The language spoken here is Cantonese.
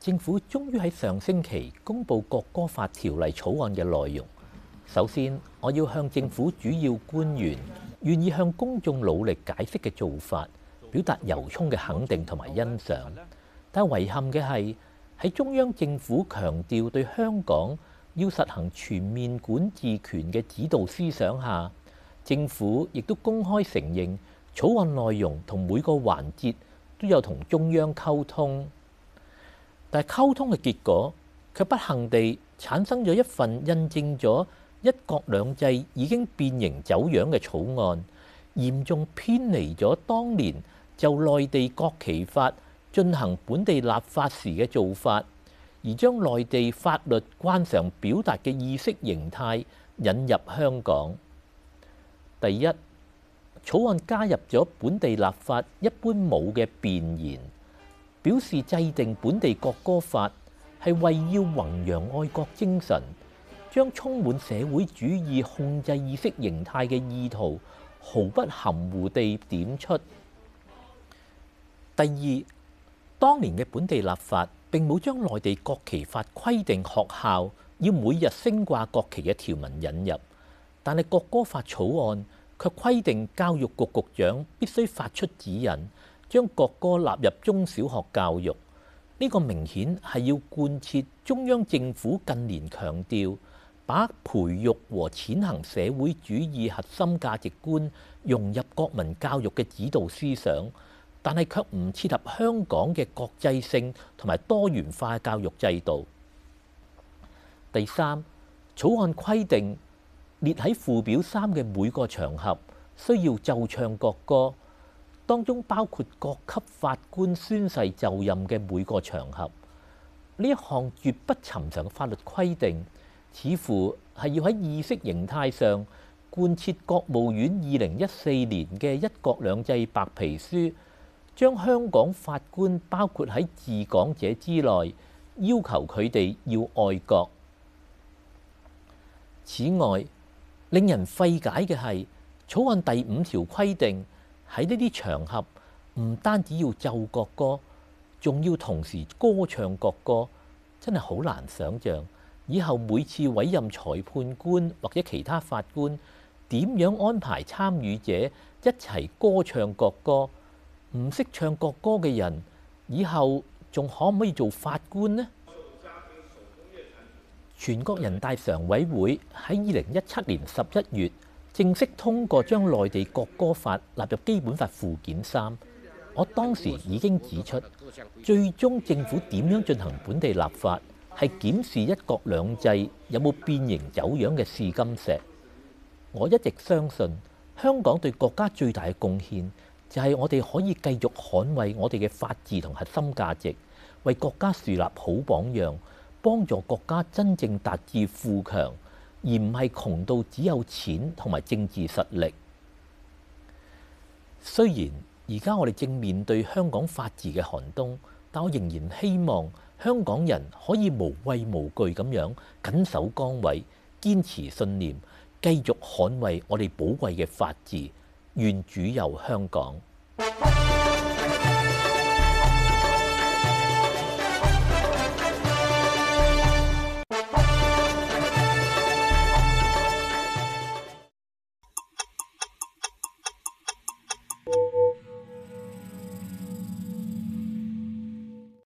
政府終於喺上星期公布國歌法條例草案嘅內容。首先，我要向政府主要官員願意向公眾努力解釋嘅做法，表達由衷嘅肯定同埋欣賞。但係遺憾嘅係，喺中央政府強調對香港要實行全面管治權嘅指導思想下，政府亦都公開承認草案內容同每個環節都有同中央溝通。但係溝通嘅結果，卻不幸地產生咗一份印證咗一國兩制已經變形走樣嘅草案，嚴重偏離咗當年就內地國旗法進行本地立法時嘅做法，而將內地法律慣常表達嘅意識形態引入香港。第一，草案加入咗本地立法一般冇嘅弁言。表示制定本地國歌法係為要弘揚愛國精神，將充滿社會主義控制意識形態嘅意圖毫不含糊地點出。第二，當年嘅本地立法並冇將內地國旗法規定學校要每日升掛國旗嘅條文引入，但係國歌法草案卻規定教育局局長必須發出指引。將國歌納入中小學教育，呢、這個明顯係要貫徹中央政府近年強調，把培育和踐行社會主義核心價值觀融入國民教育嘅指導思想，但係卻唔切合香港嘅國際性同埋多元化教育制度。第三，草案規定列喺附表三嘅每個場合需要奏唱國歌。當中包括各級法官宣誓就任嘅每個場合，呢一項絕不尋常嘅法律規定，似乎係要喺意識形態上貫徹國務院二零一四年嘅一國兩制白皮書，將香港法官包括喺治港者之內，要求佢哋要愛國。此外，令人費解嘅係草案第五條規定。喺呢啲場合，唔單止要奏國歌，仲要同時歌唱國歌，真係好難想像。以後每次委任裁判官或者其他法官，點樣安排參與者一齊歌唱國歌？唔識唱國歌嘅人，以後仲可唔可以做法官呢？全國人大常委會喺二零一七年十一月，正式通過將內地國歌法納入基本法附件三，我當時已經指出，最終政府點樣進行本地立法，係檢視一國兩制有冇變形走樣嘅試金石。我一直相信，香港對國家最大嘅貢獻，就係我哋可以繼續捍衛我哋嘅法治同核心價值，為國家樹立好榜樣，幫助國家真正達至富強。而唔係窮到只有錢同埋政治實力。雖然而家我哋正面對香港法治嘅寒冬，但我仍然希望香港人可以無畏無懼咁樣緊守崗位，堅持信念，繼續捍衞我哋寶貴嘅法治。願主佑香港。